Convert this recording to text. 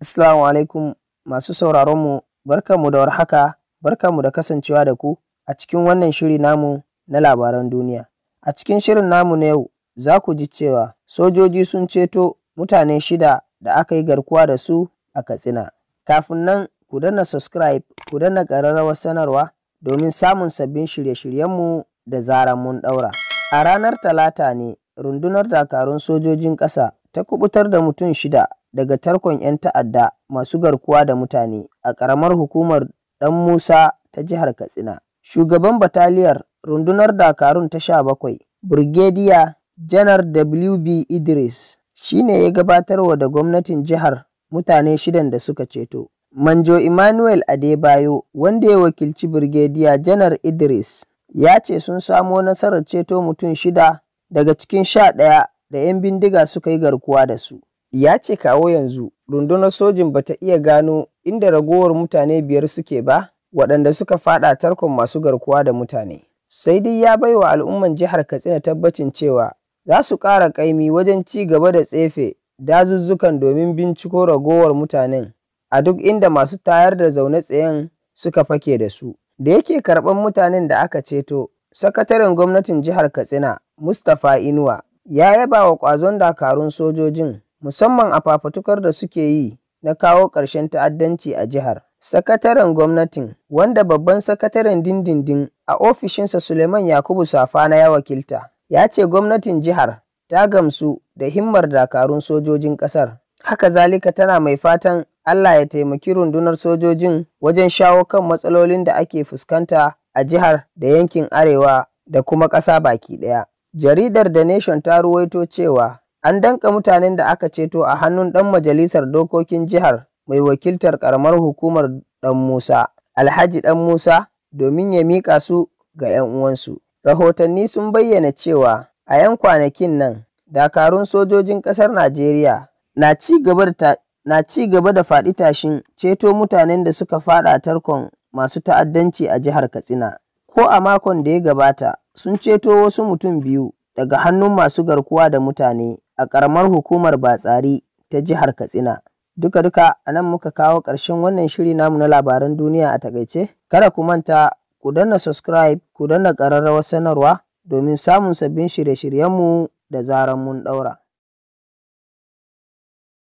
Assalamu alaikum masu barka mu da warhaka, barka mu da kasancewa da ku a cikin wannan shiri namu na labaran duniya. A cikin shirin namu na yau za ku ji cewa sojoji sun ceto mutane shida da aka yi garkuwa da su a Katsina. Kafin nan ku danna subscribe, ku danna ƙararrawar sanarwa domin samun sabbin shirye-shiryenmu da zaran mun ɗaura. A ranar Talata ne rundunar dakarun sojojin ƙasa ta kubutar da mutum shida daga tarkon 'yan ta'adda masu garkuwa da mutane a ƙaramar hukumar ɗan Musa ta jihar Katsina. Shugaban bataliyar rundunar Dakarun ta sha bakwai, Brigadier Janar WB Idris, shi ne ya gabatarwa da gwamnatin jihar mutane shidan da suka ceto. Manjo Emmanuel Adebayo, wanda ya wakilci Birgediya Janar Idris, ya ce sun samo nasarar ceto mutum shida daga cikin sha ɗaya da 'yan bindiga suka yi garkuwa da su. ya ce kawo yanzu rundunar sojin bata iya gano inda ragowar mutane biyar suke ba waɗanda suka faɗa tarkon masu garkuwa da mutane sai dai ya baiwa al'umman jihar katsina tabbacin cewa za su ƙara ƙaimi wajen ci gaba da tsefe dazuzzukan domin binciko ragowar mutanen a duk inda masu tayar da zaune tsayen suka fake da su da yake karɓar mutanen da aka ceto sakataren gwamnatin jihar katsina mustapha inuwa ya yaba wa ƙwazon dakarun sojojin musamman a fafutukar da suke yi na kawo ƙarshen ta'addanci a jihar. Sakataren gwamnatin, wanda babban sakataren dindindin a ofishinsa Suleiman Yakubu Safana ya wakilta, ya ce gwamnatin jihar ta gamsu da himmar dakarun sojojin ƙasar. Haka zalika tana mai fatan Allah ya taimaki rundunar sojojin wajen shawo kan matsalolin da ake fuskanta a jihar da yankin Arewa da kuma ƙasa baki ɗaya. Jaridar The Nation ta ruwaito cewa An danka mutanen da aka ceto a hannun ɗan majalisar dokokin jihar mai wakiltar ƙaramar hukumar ɗan Musa, Alhaji ɗan Musa, domin ya miƙa su ga 'yan uwansu. Rahotanni sun bayyana cewa a 'yan kwanakin nan dakarun sojojin ƙasar Najeriya na na ci gaba da faɗi tashin ceto mutanen da suka faɗa tarkon masu ta'addanci a jihar Katsina. Ko a makon da ya gabata sun ceto wasu mutum biyu daga hannun masu garkuwa da mutane a ƙaramar hukumar Batsari ta jihar Katsina. Duka-duka a nan muka kawo ƙarshen wannan shiri namu na labaran duniya a takaice. Kada ku manta ku danna subscribe ku danna ƙararrawar sanarwa domin samun sabbin shirye-shiryenmu da zaran mun ɗaura.